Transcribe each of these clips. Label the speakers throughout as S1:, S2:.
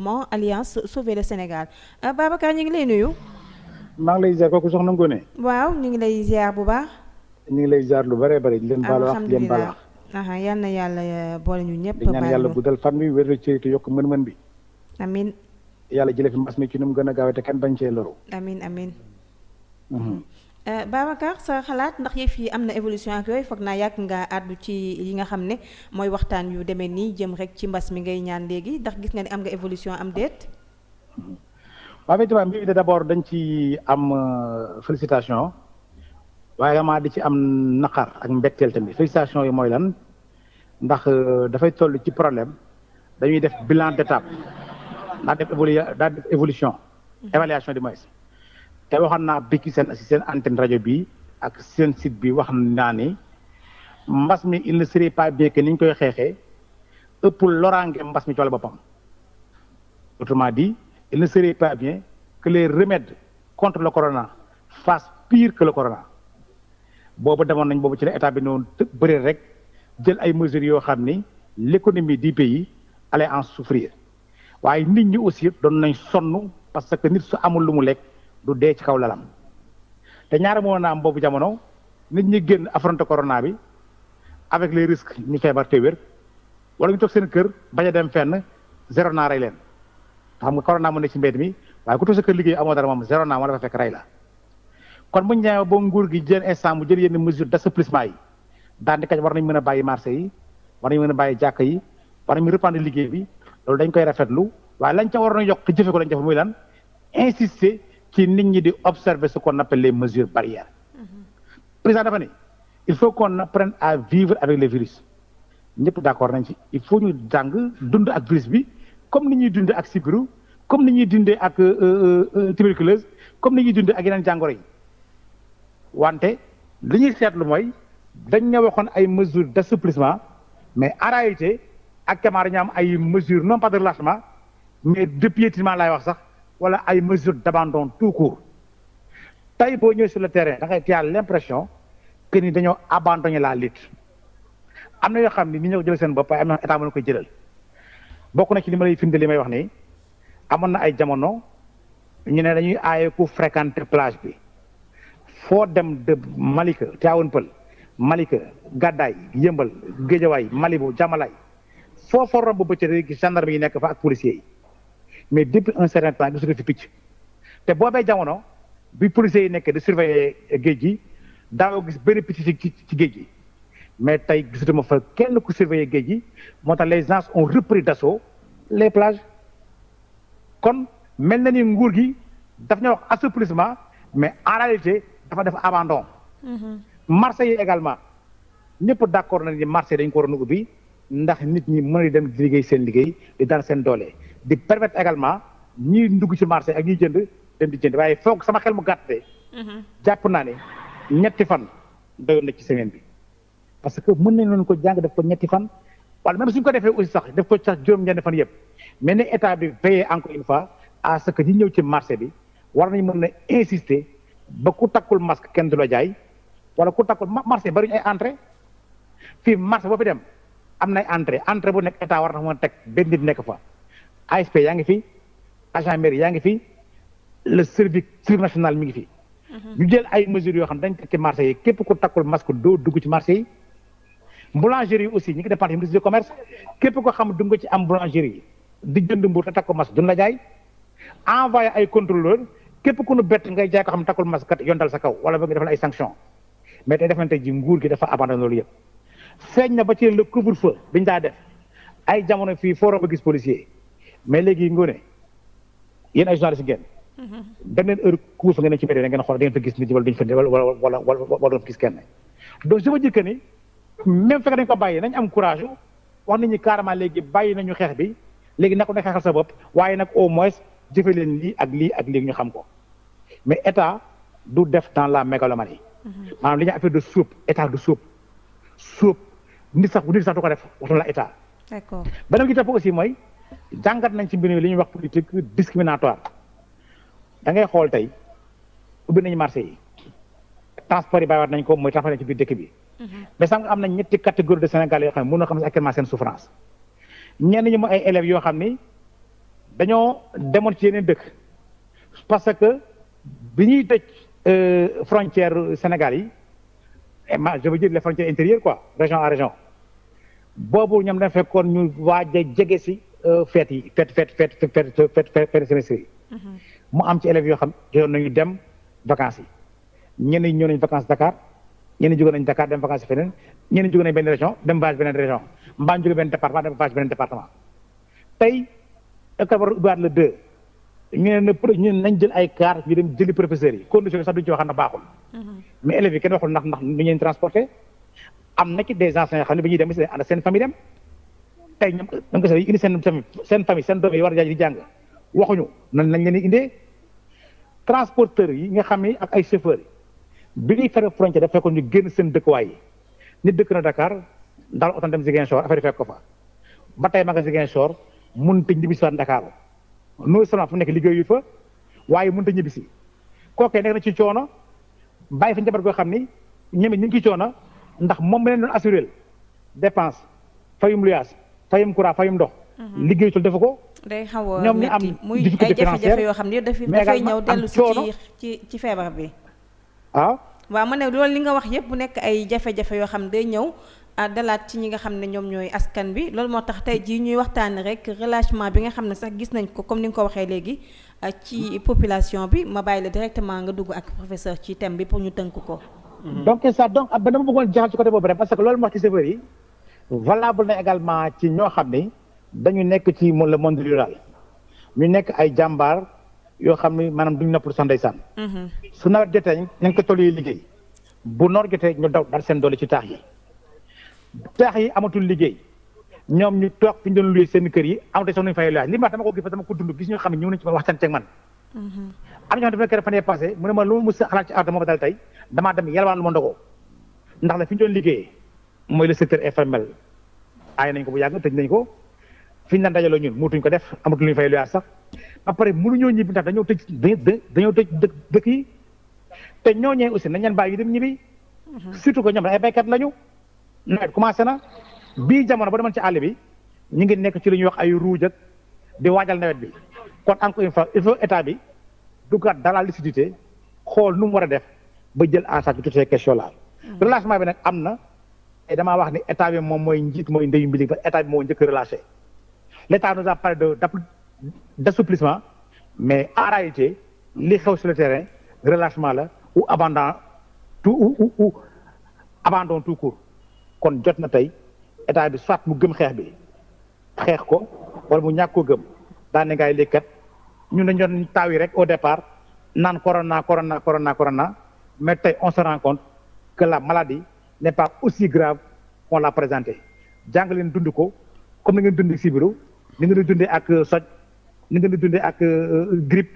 S1: regroupement alliance sauver le Sénégal euh, Babacar ñu ngi lay nuyu.
S2: maa ngi lay ziar kooku soxna Ngoné.
S1: waaw ñu ngi lay ziar bu baax.
S2: ñu ngi lay ziar lu bare bare di leen baal wax di leen baal wax.
S1: aha yal na yàlla euh, boole ñu ñëpp. baal ñaan yàlla guddal
S2: fan bi wér ci te yokk mën-mën bi. amin yàlla jëlee fi mbas mi ci nu mu gën a gaawee te kenn bañ cee loru. amin amin mhm.
S1: Eh, Babacar sa xalaat ndax yëf yi am na évolution ak yooyu foog naa yàgg nga àddu ci yi nga xam ne mooy waxtaan yu demee nii jëm rek ci mbas mi ngay ñaan léegi ndax gis nga ne am nga évolution am déet.
S2: waaw effectivement dañ ci am euh, félicitation waaye vraiment di ci am naqar ak mbégteel tamit félicitation yi mooy lan ndax euh, dafay toll ci problème dañuy def bilan d'étape daa def évolu daa def évolution mm-hmm. évaluation du moins te waxoon naa bi ci seen si seen antenne rajo bi ak seen site bi wax naa ni mbas mi il ne serait pas bien que ni ñu koy xeexee ëpp loraange mbas mi ci wàllu boppam autrement dit il ne serait pas bien que les contre le corona fassent pire que la corona boobu demoon nañ boobu ci la état bi noonu bëri rek jël ay mesures yoo xam ni l'économie du pays allait en souffrir waaye nit ñi aussi doon nañ sonn parce que nit su amul lu mu lekk. du dee ci kaw lalam te ñaara moo na am boobu jamono nit ñi génn affronté corona bi avec les risques ñu feebar te wér wala ñu toog seen kër bañ a dem fenn zéro naa rey leen xam nga corona mu ne ci mbedd mi waaye ku toog kër liggéey amoo dara moom zéro naa ma dafa fekk rey la kon bu ñu ñëwee nguur gi jël instant mu jël yenn mesure d'assouplissement yi daan di kañ war nañ mën a bàyyi marché yi war nañ mën a bàyyi jàkk yi war nañ reprendre liggéey bi loolu dañ koy rafetlu waaye lañ ca waroon a yokk jëfe lañ def muy lan insister ci nit ñi di observer ce qu'on appelle les mesures barrières président dafa il faut qu'on apprenne à vivre avec le virus ñëpp d'accord nañ ci il faut ñu jàng dund ak virus bi comme ni ñuy dundee ak sibiru comme ni ñuy dundee ak euh, euh, euh, tuberculose comme ni ñuy dundee ak yeneen jàngoro yi wante li ñuy seetlu mooy dañ ña waxoon ay mesures d'assouplissement mais en réalité actuellement dañu am ay mesures non pas de relâchement mais de piétinement laay wax sax wala ay mesures d'abandon tout court tey boo ñëwee sur le terrain da ngay tiyaal l'impression que ni dañoo abandonné la lutte am na yoo xam ni ni ñoo ko jël seen bopp am na état na koy jëlal bokk na ci li ma yi firnde li may wax nii amoon na ay jamono ñu ne dañuy aaye ku fréquenter plage bi foo dem de Malika Thiawane Pël Malika Gàddaay Yëmbal Géejawaay Malibu Jamalaay foo fa romb bëccëg rek gendarme yi nekk fa ak policiers yi mais depuis un certain temps gisuñu fi picc te boobee jamono bi policiers yi nekkee di surveiller géej gi daawoo gis benn picc ci ci géej gi mais tey gisatuma fa kenn ku surveiller géej gi moo tax les gens ont repris d'assaut les plages kon mel na ni nguur gi daf ñoo wax assouplissement mais en dafa def abandon. Mm-hmm. marché yi également ñëpp d'accord na ni marché dañ ko waroon a ubbi ndax nit ñi mën a dem di liggéey seen liggéey di daan seen doole. di permettre également ñiy ndugg ci marché ak ñiy jënd dem di jënd waaye foog sama xel mu gàtt mhm. jàpp naa ne ñetti fan doyoon na ci semaine bi parce que mën nañ noonu ko jàng def ko ñetti fan wala même suñ ko defee aussi sax def ko sax juróom-ñeenti fan yëpp mais ne état bi veillé encore une fois à ce que ñi ñëw ci marché bi war nañ mën a insisté ba ku takkul masque kenn du la jaay wala ku takkul marché bari ñu ay entrée fii marché boobu dem am na entrée entrée bu nekk état war na mën teg benn nit nekk fa. ay ASP yaa ngi fi agent maire yaa ngi fi le service service national mi ngi fi. Mhm. ñu jël ay mesures yoo xam dañ teg ci marché yi képp ku takkul masque doo dugg ci marché yi. boulangerie yi aussi ñu ngi dépendre ministre du commerce képp ko xam du nga ci am boulangerie di jënd mbuur te takkul masque duñ la jaay envoyé ay contrôleur képp ku nu bett ngay jaay xam takkul masque kat yondal sa kaw wala ba nga defal ay sanction mais tey defante ji nguur gi dafa abandonné loolu yëpp feeñ na ba ci le couvre feu biñ daa def ay jamono fii fooroo ba gis policier mais léegi ngóone yéen ay journaliste ngeen. Mm-hmm. da ngeen heure ku fa ngeen ci mbir da ngeen xool da ngeen fa gis nit ñi wala duñ fa wala wala wala wala gis kenn. donc je veux ni même fekk dañ ko bàyyi nañ am courage wax nañu carrément léegi bàyyi nañu xeex bi léegi nag ne xeexal sa bopp waaye nag au moins jëfe leen lii ak lii ak lii ñu xam ko mais état du def dans la mégalomanie. Mm-hmm. maanaam li ñuy affaire de soupe état de soupe soupe nit sax nit sax du ko def waxtu la état. d'accord beneen bi ci aussi mooy. jàngat nañ ci mbir mi li ñuy wax politique discriminatoire da ngay xool tey ubbi nañu marché yi transport yi bàyyiwaat nañ ko mooy transport ci biir dëkk bi. Mhm. mais sax am nañ ñetti catégorie de Sénégal yoo xam ne mën na xam ne actuellement seen souffrance ñenn ñi mu ay élèves yoo xam ni dañoo demoon ci yeneen dëkk parce que bi ñuy tëj euh, frontière Sénégal yi ma je veux dire les frontières intérieures quoi région à région boobu ñoom dañ fekkoon ñu waaj jege si. Euh, feet yi feet feet feet feet feet semestre yi mhm. mu am ci élèves yoo xam jotoon nañu dem vacances yi ñenn ñi ñëw nañ vacances Dakar ñenn ñi jóge nañ Dakar dem vacances feneen ñenn ñi jóge nañ benn région dem vacances beneen région mbaa ñu jóge benn département dem vacances beneen département tey école war a ubbiwaat le deux ñu ne ñu ne nañ jël ay car ñu dem jëli professeurs yi condition yi sax duñu ci waxaan na baaxul mhm. mais élèves yi kenn waxul ndax ndax nu ñeen transporté am na ci des enseignants yoo xam ne bi ñuy dem seen ànd seen famille dem tey ñoom ñoom kese seen tamit seen famille seen doom yi war a jaay di jàng waxuñu nan lañ leen di indee transporteurs yi nga xam ne ak ay chauffeurs yi bi ñuy fere frontière daf fekkoon ñu génn seen dëkkuwaay yi nit dëkk na Dakar daal oto dem Ziguinchor affaire yi fekk ko fa ba tey ma nga Ziguinchor mënut a ñibbisi waat Dakar non seulement fu mu nekk liggéeyu fa waaye mun a ñibbisi kookee nekk na ci coono bàyyi fa njaboot koo xam ni ñoom ñu ngi ci coono ndax moom mi leen doon assuré dépense fayum fayum courant fayum ndox. Mhm. liggéeyatul dafa ko.
S1: day xaw a métti muy ay jafe-jafe yoo xam ne dafay dafay ñëw dellu si ci ci ci feebar bi. ah. waaw ma ne loolu li nga wax yëpp bu nekk ay jafe-jafe yoo xam ne day ñëw. Ah, dalaat ci ñi nga xam ne ñoom ñooy askan bi loolu moo tax tey jii ñuy waxtaanee rek relâchement bi nga xam ne sax gis nañ ko comme ni nga ko waxee léegi ah, ci population bi ma bàyyi la directement nga dugg ak professeur ci thème
S2: bi pour ñu tënk ko. donc ça donc ah, que loolu moo wax ci valable na également ci ñoo xam ni dañu nekk ci le monde rural ñu nekk ay jàmbaar yoo xam ni maanaam duñu noppal sax ndeysaan mm-hmm. su nawet jotee ko toll yi liggéey bu noor jotee ñu daw dal seen doole ci taax yi taax yi amatul liggéey ñoom ñu toog fi ñu doon seen kër yi amatu sax nuñu fay luwaay li ma wax dama ko gis fa dama ko dund gis ñoo xam ne ñëw nañu ci waxtaan ceeg man mm-hmm. am ñoo xam ne dafa nekk mu ne ma lu ma mës a xalaat ci aar dama ba dal tey lu ma ndogoo ndax la fi ñu doon mooy le secteur informel aay nañ ko bu yàgg tëj nañ ko fi ñu daan dajaloo ñun tuñ ko def amatuñ lu ñu fay lu sax ba pare mënuñoo ñibbi ndax dañoo tëj dañoo tëj dë dëkk yi te ñooñee aussi nañ leen bàyyi dem ñibbi. Mhm. surtout que ñoom ay béykat lañu. nawet commencé na bii jamono ba demoon ci àll bi ñu ngi nekk ci li ñuy wax ay ruuj ak di waajal nawet bi kon encore une fois il faut état bi duggaat dans la lucidité xool nu mu war a def ba jël en charge toutes ces questions mhm. bi nag am na. damaa wax ni état bi moom mooy njiit mooy ndeyu mbilig ba état bi moo njëkk relâché l' état nous a de d' assouplissement mais en li xew sur le terrain la ou abandon tout ou ou abandon tout court kon jot na tey état bi soit mu gëm xeex bi xeex ko wala mu ñàkk koo gëm daan ne ngay lékkat ñun dañu doon taaw yi rek au départ naan corona corona corona corona mais tey on se rend compte la maladie n'est pas aussi grave qu'on l'a présenté jàng leen dund ko comme ni ngeen dund sibiru ni ngeen di dundee ak euh, soj ni ngeen di dundee ak euh, euh, grippe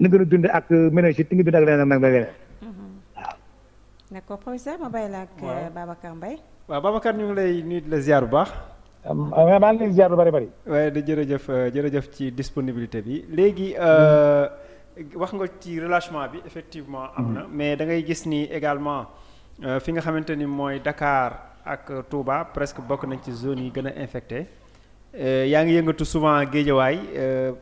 S2: ni ngeen di dundee ak méningite ni ngeen di dundee ak leneen ak leneen waaw.
S1: Mm-hmm. d'accord professeur ma bàyyi la ak Babacar Mbaye.
S2: waaw Babacar ñu ngi lay nii la ziar bu baax. maa ngi lay ziar bu bari bari. waaye da jërëjëf jërëjëf ci disponibilité bi léegi. Mm-hmm. wax nga ci relâchement bi effectivement am na mm-hmm. mais da ngay gis ni également. Euh, fi nga xamante ni mooy Dakar ak Touba presque bokk nañ ci zone yi gën a infecté euh, yaa ngi yëngatu souvent Géejawaay euh,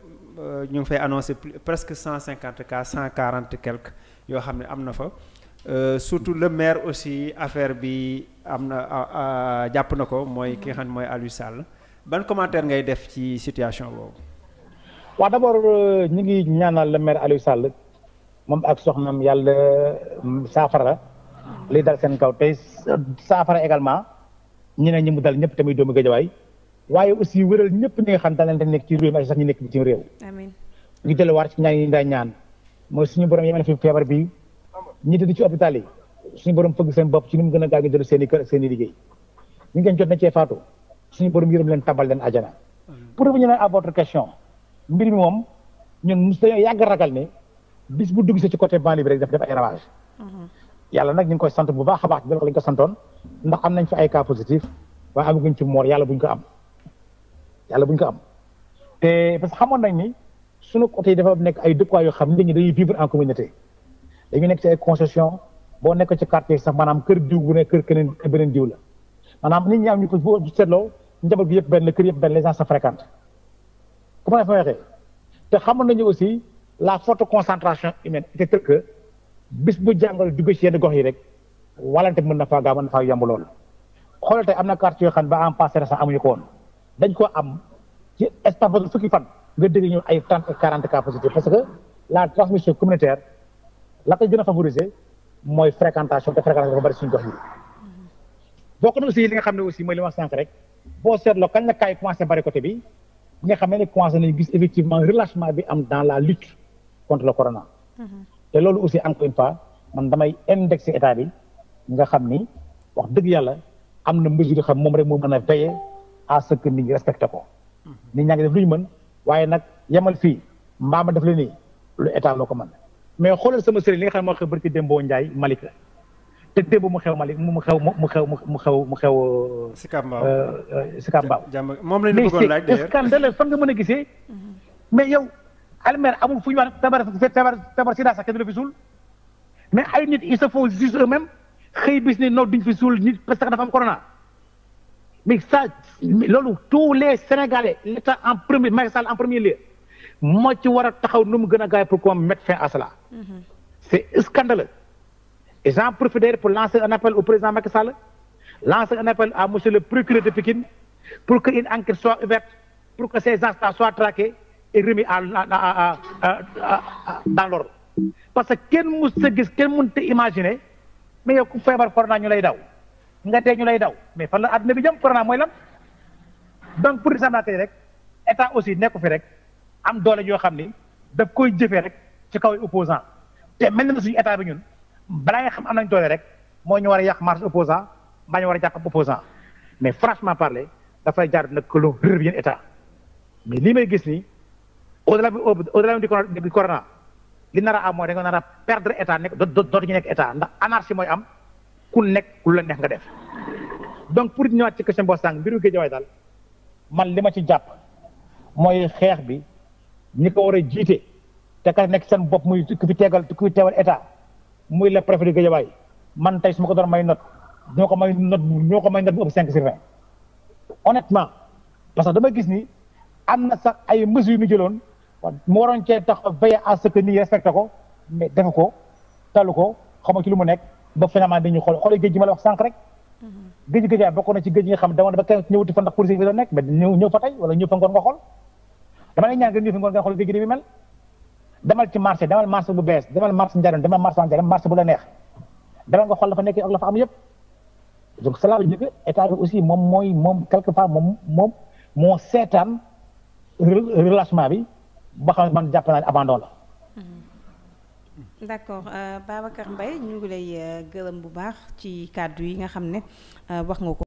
S2: ñu ngi fay annoncé presque cent cinquante cas cent quarante quelque yoo xam ne am na fa surtout le maire aussi affaire bi am na jàpp na ko mooy ki nga xam ne mooy Aliou Sall ban commentaire ngay def ci situation boobu. waaw d'abord ñu ngi ñaanal le maire Aliou Sall moom ak soxnaam yàlla saafara. li dal seen kaw tey saafara également ñeneen ñi mu dal ñëpp tamit doomu géejawaay waaye aussi wéral ñëpp ñi nga xam daal leen nekk ci réew mi ñu nekk bitim réew. amiin ñu delluwaat ci ñaan yi ñu ñaan mooy suñu borom yemale fi feebar bi ñi tëdd ci hôpital yi suñu borom fëgg seen bopp ci ni mu gën a gaaw ñu dellu seen i kër seen i liggéey ñu ngeen jot na cee faatu suñu borom yërëm leen tabal leen ajana. pour revenir à votre question mbir mi moom ñun mos dañoo yàgg ragal ne bis bu dugg ci côté banlieue bi rek daf def ay ravage mhm. yàlla nag ñu ngi koy sant bu baax a baax lañ ko santoon ndax am nañ fi ay cas positif waaye amaguñ ci moor yàlla buñ ko am yàlla buñ ko am te parce que xamoon nañ ni sunu côté yi dafa nekk ay dëkkuwaay yoo xam nit ñi dañuy vivre en communauté dañuy nekk ci ay concession boo nekk ci quartier sax maanaam kër diw bu ne kër keneen beneen diw la maanaam nit ñi am ñu ko bu seetloo njaboot gi yëpp benn kër yëpp benn les gens se fréquentent comment fa waxee te xamoon nañu aussi la forte concentration humaine c'est que bis bu jàngoro dugg ci yenn gox yi rek walante mën na faa gaaw mën na faa yomb lool xoolal tey am na quartier yoo xam ne ba en passé sax amuñu ko woon dañ koo am ci espace boobu fukki fan nga dégg ñu parce que la transmission communautaire la koy gën mooy fréquentation te fréquentation dafa bari suñu gox yi. bokk na aussi li nga xam ne aussi mooy li ma sànq rek boo seetloo kañ la kaay commencé bari côté bi nga xam ne commencé nañu gis effectivement relâchement bi am dans la lutte contre le corona. Mm-hmm. te loolu aussi encore une man damay indexé état bi nga xam ni wax dëgg yàlla am na mesure xam moom rek moo mën a veiller a ce que nit ñi respecté ko. Mhm. nit ñaa def lu ñu mën waaye nag yemal fii mbaama def la nii lu état loo ko man mais xoolal sama sëriñ li nga xam ne moo xew barki Dembo Ndiaye Malick la te démb mu xew Malick mu xew mu xew mu xew mu xew. Euh, Sika Mbao euh, euh, Sika Mbao. moom la ñu bëggoon laaj d'ailleurs mais scandale fan nga mën a gisee mhm. mais yow. almer amul fu ñu wax tabar tabar tabar si daa sax kenn du la fi suul mais ay nit ils se font juste eux-mêmes xëy bis ne noonu duñ fi suul nit parce que dafa am corona mais ça loolu tous les sénégalais l'état en premier Macky Sall en premier lieu moo war a taxaw nu mu gën a gaaw pour qu'on mette fin à cela mm-hmm. c'est scandaleux et j'en profite pour lancer un appel au président Macky Sall lancer un appel à monsieur le procureur de Pikine pour que une enquête soit ouverte pour que ces est remis à à à dans l'ordre parce que kenn mus sa gis kenn mun a imaginer mais yow ku feebar corona ñu lay daw nga tee ñu lay daw mais fan la àdduna bi jëm corona mooy lan donc pour exemple tey rek état aussi nekku fi rek am doole yoo xam ni daf koy jëfee rek ci kaw opposant te mel na suñu état bi ñun balaa nga xam am nañ doole rek moo ñu war a yàq marche opposant mbaa ñu war a jàpp opposant mais franchement parle dafay jaar nag que l'on revienne état mais lii may gis nii au-delà bi au-delà bi du li nar a am mooy da nga nar a perdre état nekk dootuñu nekk état ndax anarchie mooy am ku nekk lu la neex nga def donc pour ñëwaat ci question boo sànq mbiru daal man li ci jàpp mooy xeex bi ñi ko war a jiite te nekk seen bopp muy ku fi tegal ku fi teewal état muy man tey su ma ko doon may note ñoo ko may note ñoo ko may note bu ëpp cinq sur honnêtement parce que dama gis ni am na sax ay mesures yu ñu jëloon mu waroon cee tax veiller à ce que nit respecté ko talu ko xamu ci lu mu nekk ba finalement dañuy xool xool géej gi ma la wax sànq rek. Mm-hmm. géej géej bokk na ci géej gi nga xam dama ne mel. demal ci marché demal marché bu bees demal marché Ndiarène demal marché bu la neex demal nga xool la fa nekk ak fa am yëpp donc cela veut dire état aussi moom mooy moom quelque part moom moom moo seetaan relâchement bi. ba xam man jàpp la.
S1: Hmm. d' accord euh, Babacar Mbaye ñu ngi lay euh, gërëm bu baax ci kàddu yi nga xam ne euh, wax nga ko.